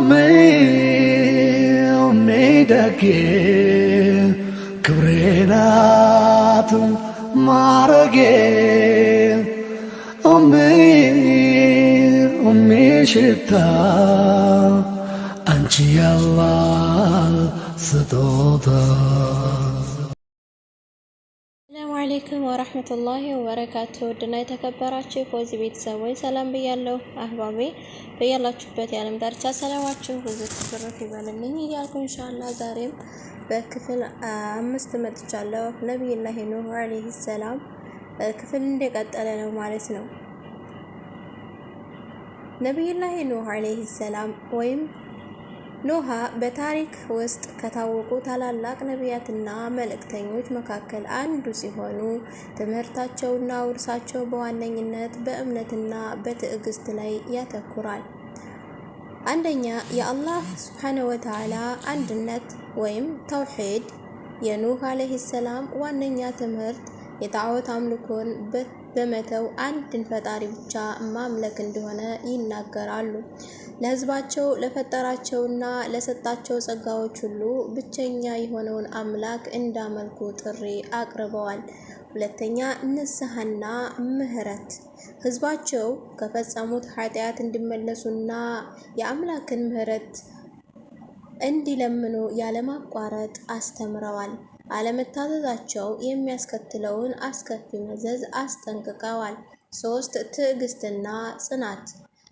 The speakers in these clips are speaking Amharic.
meu meida que crenato marge o meu o meu tá anti Allah se አለይኩም ወራህመቱላሂ ወበረካቱ ውድና የተከበራችሁ የፎዚ ቤተሰቦች ሰላም ብያለሁ። አህባቤ በያላችሁበት የዓለም ዳርቻ ሰላማችሁ ብዙ ትርፍ ይበልልኝ እያልኩ ኢንሻአላህ ዛሬም በክፍል አምስት መጥቻለሁ። ነቢዩላሂ ኑህ አለይሂ ሰላም ክፍል እንደቀጠለ ነው ማለት ነው። ነቢዩላሂ ኑህ አለይሂ ሰላም ወይም ኖሃ በታሪክ ውስጥ ከታወቁ ታላላቅ ነቢያትና መልእክተኞች መካከል አንዱ ሲሆኑ ትምህርታቸውና ውርሳቸው በዋነኝነት በእምነትና በትዕግስት ላይ ያተኩራል። አንደኛ፣ የአላህ ስብሓነ ወተዓላ አንድነት ወይም ተውሂድ። የኑህ ዓለይሂ ሰላም ዋነኛ ትምህርት የጣዖት አምልኮን በመተው አንድን ፈጣሪ ብቻ ማምለክ እንደሆነ ይናገራሉ። ለሕዝባቸው ለፈጠራቸውና ለሰጣቸው ጸጋዎች ሁሉ ብቸኛ የሆነውን አምላክ እንዳመልኩ ጥሪ አቅርበዋል። ሁለተኛ ንስሐና ምህረት ሕዝባቸው ከፈጸሙት ኃጢአት እንዲመለሱና የአምላክን ምህረት እንዲለምኑ ያለማቋረጥ አስተምረዋል። አለመታዘዛቸው የሚያስከትለውን አስከፊ መዘዝ አስጠንቅቀዋል። ሶስት ትዕግስትና ጽናት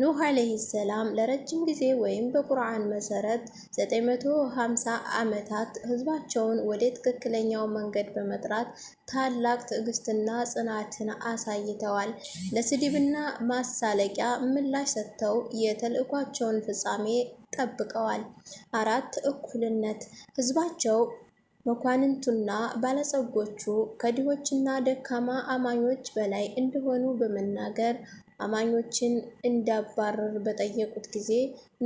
ኑህ ዓለይሂ ሰላም ለረጅም ጊዜ ወይም በቁርአን መሰረት 950 ዓመታት ህዝባቸውን ወደ ትክክለኛው መንገድ በመጥራት ታላቅ ትዕግስትና ጽናትን አሳይተዋል። ለስድብና ማሳለቂያ ምላሽ ሰጥተው የተልእኳቸውን ፍጻሜ ጠብቀዋል። አራት እኩልነት ህዝባቸው መኳንንቱና ባለጸጎቹ ከድሆችና ደካማ አማኞች በላይ እንደሆኑ በመናገር አማኞችን እንዳባረር በጠየቁት ጊዜ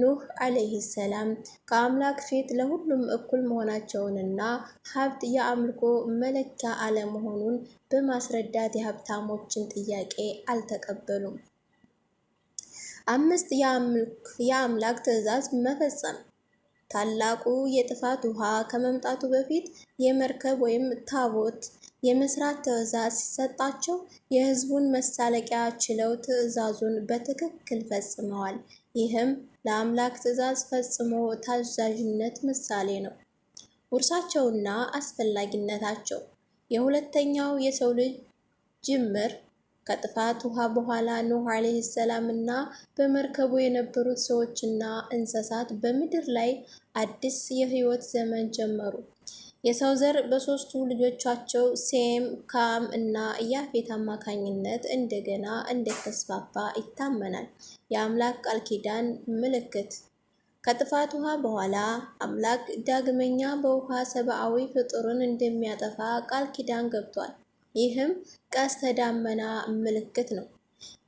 ኑህ ዓለይሂ ሰላም ከአምላክ ፊት ለሁሉም እኩል መሆናቸውንና ሀብት የአምልኮ መለኪያ አለመሆኑን በማስረዳት የሀብታሞችን ጥያቄ አልተቀበሉም። አምስት የአምላክ ትዕዛዝ መፈጸም ታላቁ የጥፋት ውሃ ከመምጣቱ በፊት የመርከብ ወይም ታቦት የመስራት ትዕዛዝ ሲሰጣቸው የሕዝቡን መሳለቂያ ችለው ትዕዛዙን በትክክል ፈጽመዋል። ይህም ለአምላክ ትዕዛዝ ፈጽሞ ታዛዥነት ምሳሌ ነው። ውርሳቸውና አስፈላጊነታቸው የሁለተኛው የሰው ልጅ ጅምር ከጥፋት ውሃ በኋላ ኖህ ዓለይሂ ሰላም እና በመርከቡ የነበሩት ሰዎችና እንስሳት በምድር ላይ አዲስ የህይወት ዘመን ጀመሩ። የሰው ዘር በሶስቱ ልጆቻቸው ሴም፣ ካም እና ያፌት አማካኝነት እንደገና እንደተስፋፋ ይታመናል። የአምላክ ቃል ኪዳን ምልክት ከጥፋት ውሃ በኋላ አምላክ ዳግመኛ በውሃ ሰብአዊ ፍጡርን እንደሚያጠፋ ቃል ኪዳን ገብቷል። ይህም ቀስተ ደመና ምልክት ነው።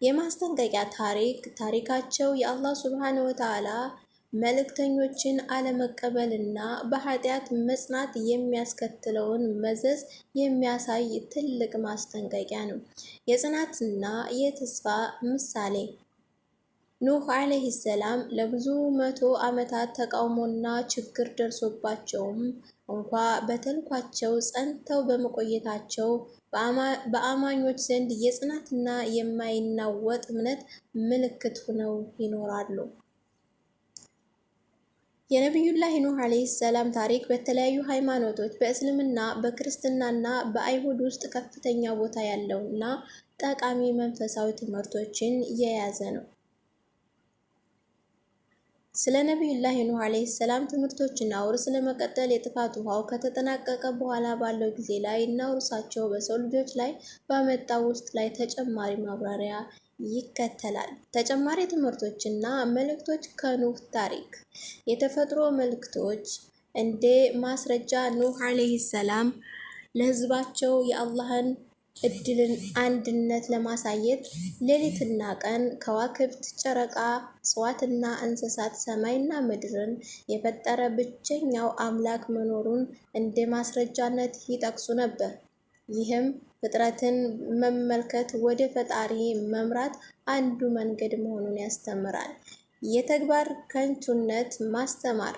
የማስጠንቀቂያ ታሪክ ታሪካቸው የአላህ ስብሓን ወተዓላ መልእክተኞችን አለመቀበልና በኃጢአት መጽናት የሚያስከትለውን መዘዝ የሚያሳይ ትልቅ ማስጠንቀቂያ ነው። የጽናትና የተስፋ ምሳሌ ኑህ ዓለይሂ ሰላም ለብዙ መቶ ዓመታት ተቃውሞና ችግር ደርሶባቸውም እንኳ በተልኳቸው ጸንተው በመቆየታቸው በአማኞች ዘንድ የጽናትና የማይናወጥ እምነት ምልክት ሆነው ይኖራሉ። የነቢዩላህ ኑህ ዓለይሂ ሰላም ታሪክ በተለያዩ ሃይማኖቶች በእስልምና፣ በክርስትናና በአይሁድ ውስጥ ከፍተኛ ቦታ ያለውና ጠቃሚ መንፈሳዊ ትምህርቶችን የያዘ ነው። ስለ ነቢዩላህ ኑህ ዓለይሂ ሰላም ትምህርቶችና ውርስ ለመቀጠል የጥፋት ውሃው ከተጠናቀቀ በኋላ ባለው ጊዜ ላይ እና ውርሳቸው በሰው ልጆች ላይ በመጣው ውስጥ ላይ ተጨማሪ ማብራሪያ ይከተላል። ተጨማሪ ትምህርቶችና መልእክቶች ከኑህ ታሪክ የተፈጥሮ መልእክቶች እንደ ማስረጃ ኑህ ዓለይሂ ሰላም ለህዝባቸው የአላህን እድልን አንድነት ለማሳየት ሌሊትና ቀን ከዋክብት፣ ጨረቃ፣ እጽዋትና እንስሳት ሰማይና ምድርን የፈጠረ ብቸኛው አምላክ መኖሩን እንደ ማስረጃነት ይጠቅሱ ነበር። ይህም ፍጥረትን መመልከት ወደ ፈጣሪ መምራት አንዱ መንገድ መሆኑን ያስተምራል። የተግባር ከንቱነት ማስተማር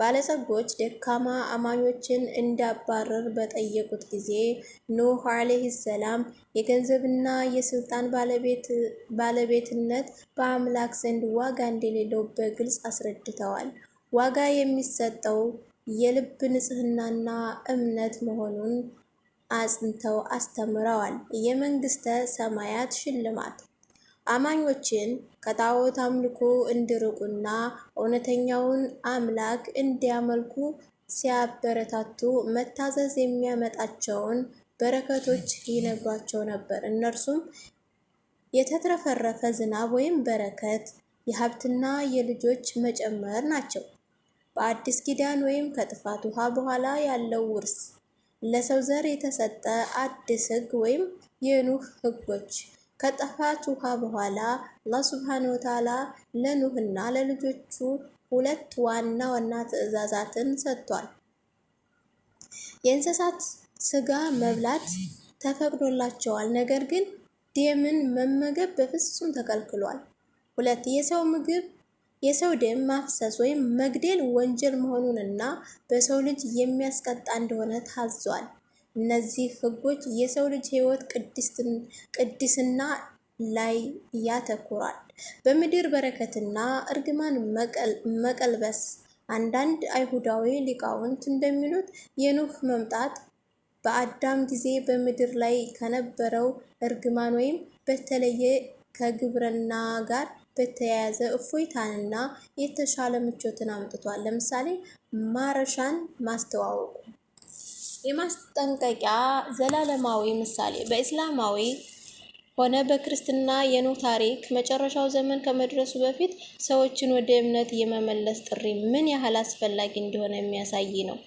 ባለጸጎች ደካማ አማኞችን እንዳባረር በጠየቁት ጊዜ ኖህ ዓለይሂ ሰላም የገንዘብና የስልጣን ባለቤትነት በአምላክ ዘንድ ዋጋ እንደሌለው በግልጽ አስረድተዋል። ዋጋ የሚሰጠው የልብ ንጽህናና እምነት መሆኑን አጽንተው አስተምረዋል። የመንግስተ ሰማያት ሽልማት አማኞችን ከጣዖት አምልኮ እንዲርቁና እውነተኛውን አምላክ እንዲያመልኩ ሲያበረታቱ መታዘዝ የሚያመጣቸውን በረከቶች ይነግሯቸው ነበር። እነርሱም የተትረፈረፈ ዝናብ ወይም በረከት፣ የሀብትና የልጆች መጨመር ናቸው። በአዲስ ኪዳን ወይም ከጥፋት ውሃ በኋላ ያለው ውርስ፣ ለሰው ዘር የተሰጠ አዲስ ሕግ ወይም የኑህ ሕጎች ከጠፋች ውሃ በኋላ አላህ ሱብሓነሁ ወተዓላ ለኑህና ለልጆቹ ሁለት ዋና ዋና ትዕዛዛትን ሰጥቷል። የእንስሳት ስጋ መብላት ተፈቅዶላቸዋል፣ ነገር ግን ደምን መመገብ በፍጹም ተከልክሏል። ሁለት የሰው ምግብ የሰው ደም ማፍሰስ ወይም መግደል ወንጀል መሆኑንና በሰው ልጅ የሚያስቀጣ እንደሆነ ታዟል። እነዚህ ህጎች የሰው ልጅ ህይወት ቅድስና ላይ ያተኩራል። በምድር በረከትና እርግማን መቀልበስ። አንዳንድ አይሁዳዊ ሊቃውንት እንደሚሉት የኑህ መምጣት በአዳም ጊዜ በምድር ላይ ከነበረው እርግማን ወይም በተለየ ከግብርና ጋር በተያያዘ እፎይታንና የተሻለ ምቾትን አምጥቷል። ለምሳሌ ማረሻን ማስተዋወቁ የማስጠንቀቂያ ዘላለማዊ ምሳሌ በእስላማዊ ሆነ በክርስትና የኖህ ታሪክ መጨረሻው ዘመን ከመድረሱ በፊት ሰዎችን ወደ እምነት የመመለስ ጥሪ ምን ያህል አስፈላጊ እንደሆነ የሚያሳይ ነው።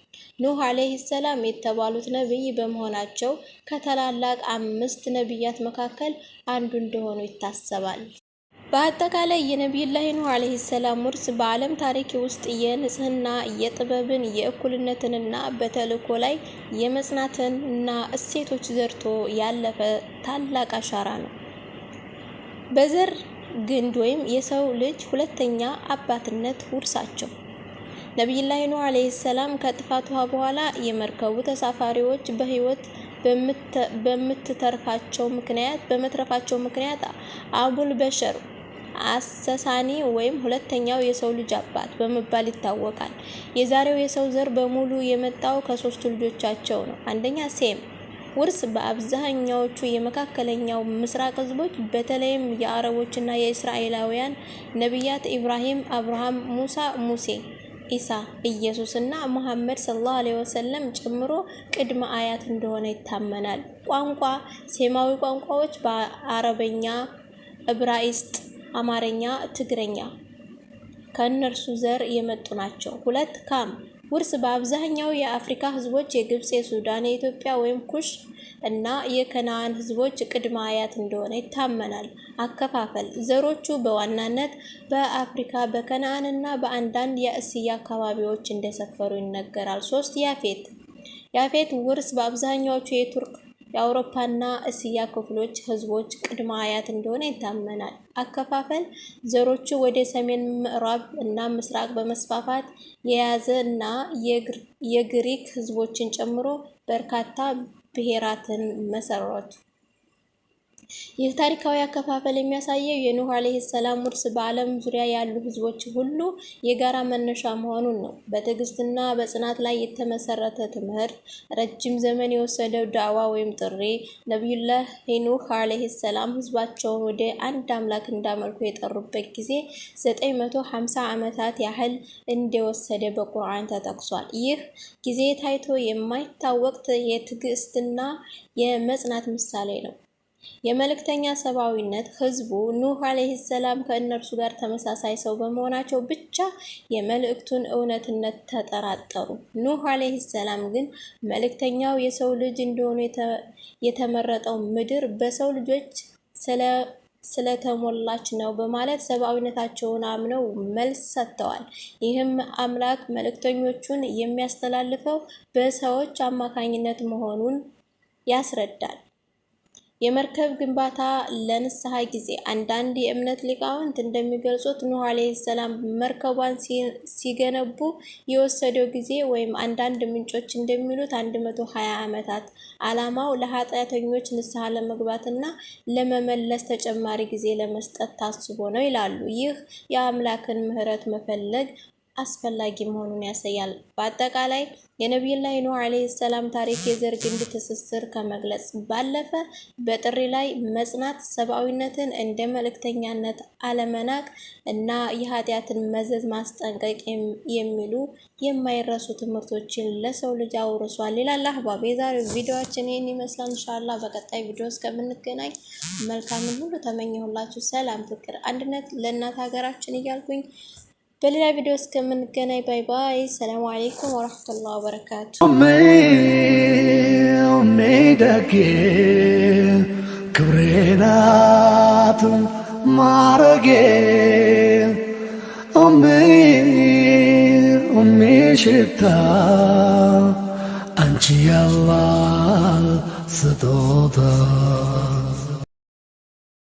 ኖህ ዓለይሂ ሰላም የተባሉት ነቢይ በመሆናቸው ከታላላቅ አምስት ነቢያት መካከል አንዱ እንደሆኑ ይታሰባል። በአጠቃላይ የነቢዩላህ ኑህ ዓለይሂ ሰላም ውርስ በዓለም ታሪክ ውስጥ የንጽህና የጥበብን የእኩልነትንና በተልእኮ ላይ የመጽናትን እና እሴቶች ዘርቶ ያለፈ ታላቅ አሻራ ነው። በዘር ግንድ ወይም የሰው ልጅ ሁለተኛ አባትነት ውርሳቸው ነቢዩላህ ኑህ ዓለይሂ ሰላም ከጥፋት ውሃ በኋላ የመርከቡ ተሳፋሪዎች በህይወት በምትተርፋቸው ምክንያት በመትረፋቸው ምክንያት አቡል በሸር አሰሳኒ ወይም ሁለተኛው የሰው ልጅ አባት በመባል ይታወቃል። የዛሬው የሰው ዘር በሙሉ የመጣው ከሶስቱ ልጆቻቸው ነው። አንደኛ ሴም ውርስ በአብዛኛዎቹ የመካከለኛው ምስራቅ ህዝቦች በተለይም የአረቦችና የእስራኤላውያን ነቢያት ኢብራሂም፣ አብርሃም፣ ሙሳ፣ ሙሴ ኢሳ ኢየሱስ እና መሐመድ ሰለላሁ ዐለይሂ ወሰለም ጨምሮ ቅድመ አያት እንደሆነ ይታመናል። ቋንቋ ሴማዊ ቋንቋዎች በአረበኛ፣ ዕብራይስጥ፣ አማርኛ፣ ትግረኛ ከእነርሱ ዘር የመጡ ናቸው። ሁለት ካም ውርስ በአብዛኛው የአፍሪካ ህዝቦች የግብፅ፣ የሱዳን፣ የኢትዮጵያ ወይም ኩሽ እና የከነአን ህዝቦች ቅድመ አያት እንደሆነ ይታመናል። አከፋፈል ዘሮቹ በዋናነት በአፍሪካ በከነአን እና በአንዳንድ የእስያ አካባቢዎች እንደሰፈሩ ይነገራል። ሶስት ያፌት ያፌት ውርስ በአብዛኛዎቹ የቱርክ የአውሮፓና እስያ ክፍሎች ህዝቦች ቅድመ አያት እንደሆነ ይታመናል። አከፋፈል ዘሮቹ ወደ ሰሜን ምዕራብ እና ምስራቅ በመስፋፋት የያዘ እና የግሪክ ህዝቦችን ጨምሮ በርካታ ብሔራትን መሰረቱ። ይህ ታሪካዊ አከፋፈል የሚያሳየው የኑህ ዓለይሂ ሰላም ውርስ በዓለም ዙሪያ ያሉ ህዝቦች ሁሉ የጋራ መነሻ መሆኑን ነው። በትዕግስትና በጽናት ላይ የተመሰረተ ትምህርት፣ ረጅም ዘመን የወሰደው ዳዕዋ ወይም ጥሪ፣ ነቢዩላህ ኑህ ዓለይሂ ሰላም ህዝባቸውን ወደ አንድ አምላክ እንዳመልኩ የጠሩበት ጊዜ 950 ዓመታት ያህል እንደወሰደ በቁርአን ተጠቅሷል። ይህ ጊዜ ታይቶ የማይታወቅ የትዕግስትና የመጽናት ምሳሌ ነው። የመልእክተኛ ሰብአዊነት ህዝቡ ኑህ አለይሂ ሰላም ከእነርሱ ጋር ተመሳሳይ ሰው በመሆናቸው ብቻ የመልእክቱን እውነትነት ተጠራጠሩ። ኑህ አለይሂ ሰላም ግን መልእክተኛው የሰው ልጅ እንደሆኑ የተመረጠው ምድር በሰው ልጆች ስለ ስለተሞላች ነው በማለት ሰብአዊነታቸውን አምነው መልስ ሰጥተዋል። ይህም አምላክ መልእክተኞቹን የሚያስተላልፈው በሰዎች አማካኝነት መሆኑን ያስረዳል። የመርከብ ግንባታ ለንስሐ ጊዜ አንዳንድ የእምነት ሊቃውንት እንደሚገልጹት ኑህ ዓለይሂ ሰላም መርከቧን ሲገነቡ የወሰደው ጊዜ ወይም አንዳንድ ምንጮች እንደሚሉት 120 ዓመታት፣ ዓላማው ለኃጢአተኞች ንስሐ ለመግባትና ለመመለስ ተጨማሪ ጊዜ ለመስጠት ታስቦ ነው ይላሉ። ይህ የአምላክን ምሕረት መፈለግ አስፈላጊ መሆኑን ያሳያል። በአጠቃላይ የነቢዩላህ ኑህ ዓለይሂ ሰላም ታሪክ የዘር ግንድ ትስስር ከመግለጽ ባለፈ በጥሪ ላይ መጽናት፣ ሰብአዊነትን እንደ መልእክተኛነት አለመናቅ እና የኃጢአትን መዘዝ ማስጠንቀቅ የሚሉ የማይረሱ ትምህርቶችን ለሰው ልጅ አውርሷል ይላል አህባብ። የዛሬው ቪዲዮችን ይህን ይመስላል። እንሻላ በቀጣይ ቪዲዮ እስከምንገናኝ መልካምን ሁሉ ተመኘሁላችሁ። ሰላም፣ ፍቅር፣ አንድነት ለእናት ሀገራችን እያልኩኝ በሌላ ቪዲዮ እስከምንገናኝ ባይ ባይ። ሰላም አሌይኩም ወረህመቱላህ ወበረካቱ። ሜደጌ ክብሬናት ማረጌ ሜ ሽታ አንቺ ያላህ ስጦታ